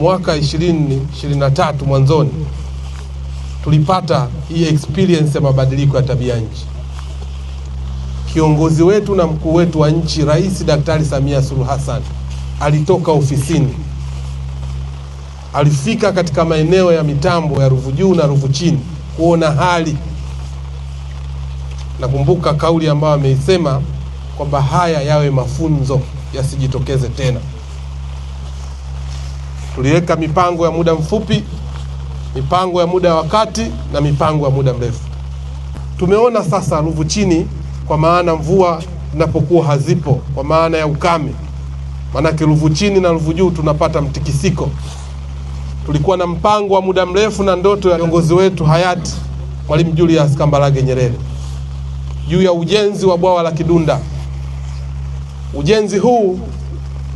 Mwaka 2023 mwanzoni tulipata hii experience ya mabadiliko ya tabia nchi. Kiongozi wetu na mkuu wetu wa nchi, Rais Daktari Samia Suluhu Hassan alitoka ofisini, alifika katika maeneo ya mitambo ya Ruvu Juu na Ruvu Chini kuona hali. Nakumbuka kauli ambayo ameisema kwamba haya yawe mafunzo, yasijitokeze tena. Tuliweka mipango ya muda mfupi, mipango ya muda wa kati na mipango ya muda mrefu. Tumeona sasa Ruvu chini, kwa maana mvua zinapokuwa hazipo kwa maana ya ukame, maanake Ruvu chini na Ruvu juu tunapata mtikisiko. Tulikuwa na mpango wa muda mrefu na ndoto ya viongozi wetu hayati Mwalimu Julius Kambarage Nyerere juu ya ujenzi wa bwawa la Kidunda. Ujenzi huu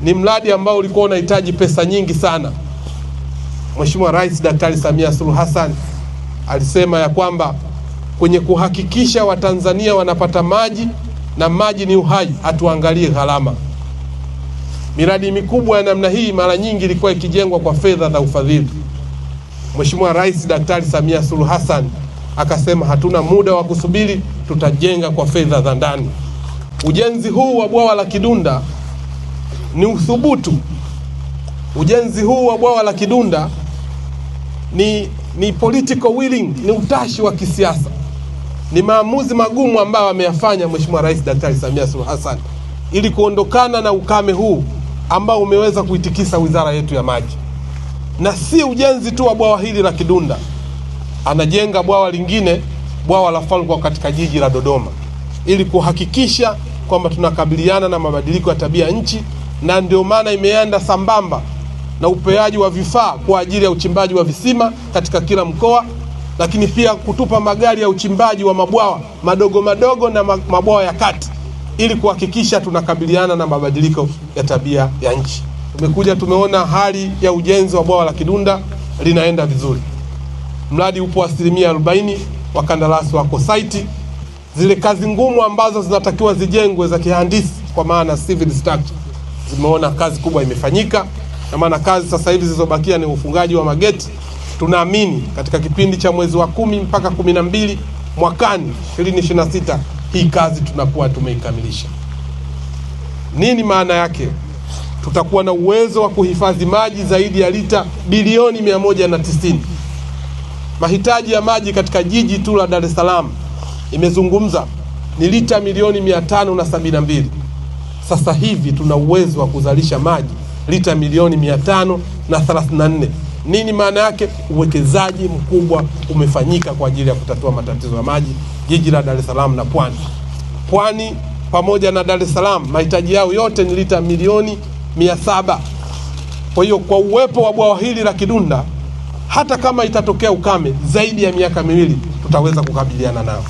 ni mradi ambao ulikuwa unahitaji pesa nyingi sana. Mheshimiwa Rais Daktari Samia Suluhu Hassan alisema ya kwamba kwenye kuhakikisha Watanzania wanapata maji na maji ni uhai, hatuangalie gharama. Miradi mikubwa ya namna hii mara nyingi ilikuwa ikijengwa kwa fedha za ufadhili. Mheshimiwa Rais Daktari Samia Suluhu Hassan akasema hatuna muda wa kusubiri, tutajenga kwa fedha za ndani. Ujenzi huu wa bwawa la Kidunda ni uthubutu. Ujenzi huu wa bwawa la Kidunda ni, ni political willing, ni utashi wa kisiasa, ni maamuzi magumu ambayo ameyafanya Mheshimiwa Rais Daktari Samia Suluhu Hassan ili kuondokana na ukame huu ambao umeweza kuitikisa wizara yetu ya maji, na si ujenzi tu wa bwawa hili la Kidunda, anajenga bwawa lingine, bwawa la Falgwa katika jiji la Dodoma ili kuhakikisha kwamba tunakabiliana na mabadiliko ya tabia nchi na ndio maana imeenda sambamba na upeaji wa vifaa kwa ajili ya uchimbaji wa visima katika kila mkoa, lakini pia kutupa magari ya uchimbaji wa mabwawa madogo madogo na mabwawa ya kati ili kuhakikisha tunakabiliana na mabadiliko ya tabia ya nchi. Tumekuja tumeona hali ya ujenzi wa bwawa la Kidunda linaenda vizuri, mradi upo asilimia wa wakandarasi wako saiti. Zile kazi ngumu ambazo zinatakiwa zijengwe za kihandisi, kwa maana civil structure zimeona kazi kubwa imefanyika, na maana kazi sasa hivi zilizobakia ni ufungaji wa mageti. Tunaamini katika kipindi cha mwezi wa kumi mpaka kumi na mbili mwakani 2026 hii kazi tunakuwa tumeikamilisha. Nini maana yake? Tutakuwa na uwezo wa kuhifadhi maji zaidi ya lita bilioni tisini. Mahitaji ya maji katika jiji tu la Dar es Salaam imezungumza ni lita milioni 572 sasa hivi tuna uwezo wa kuzalisha maji lita milioni mia na 34. Nini maana yake? Uwekezaji mkubwa umefanyika kwa ajili ya kutatua matatizo ya maji jiji la Dar es Salaam na Pwani. Pwani pamoja na Dar es Salaam mahitaji yao yote ni lita milioni mia saba. Kwa hiyo kwa uwepo wa bwawa hili la Kidunda, hata kama itatokea ukame zaidi ya miaka miwili, tutaweza kukabiliana nao.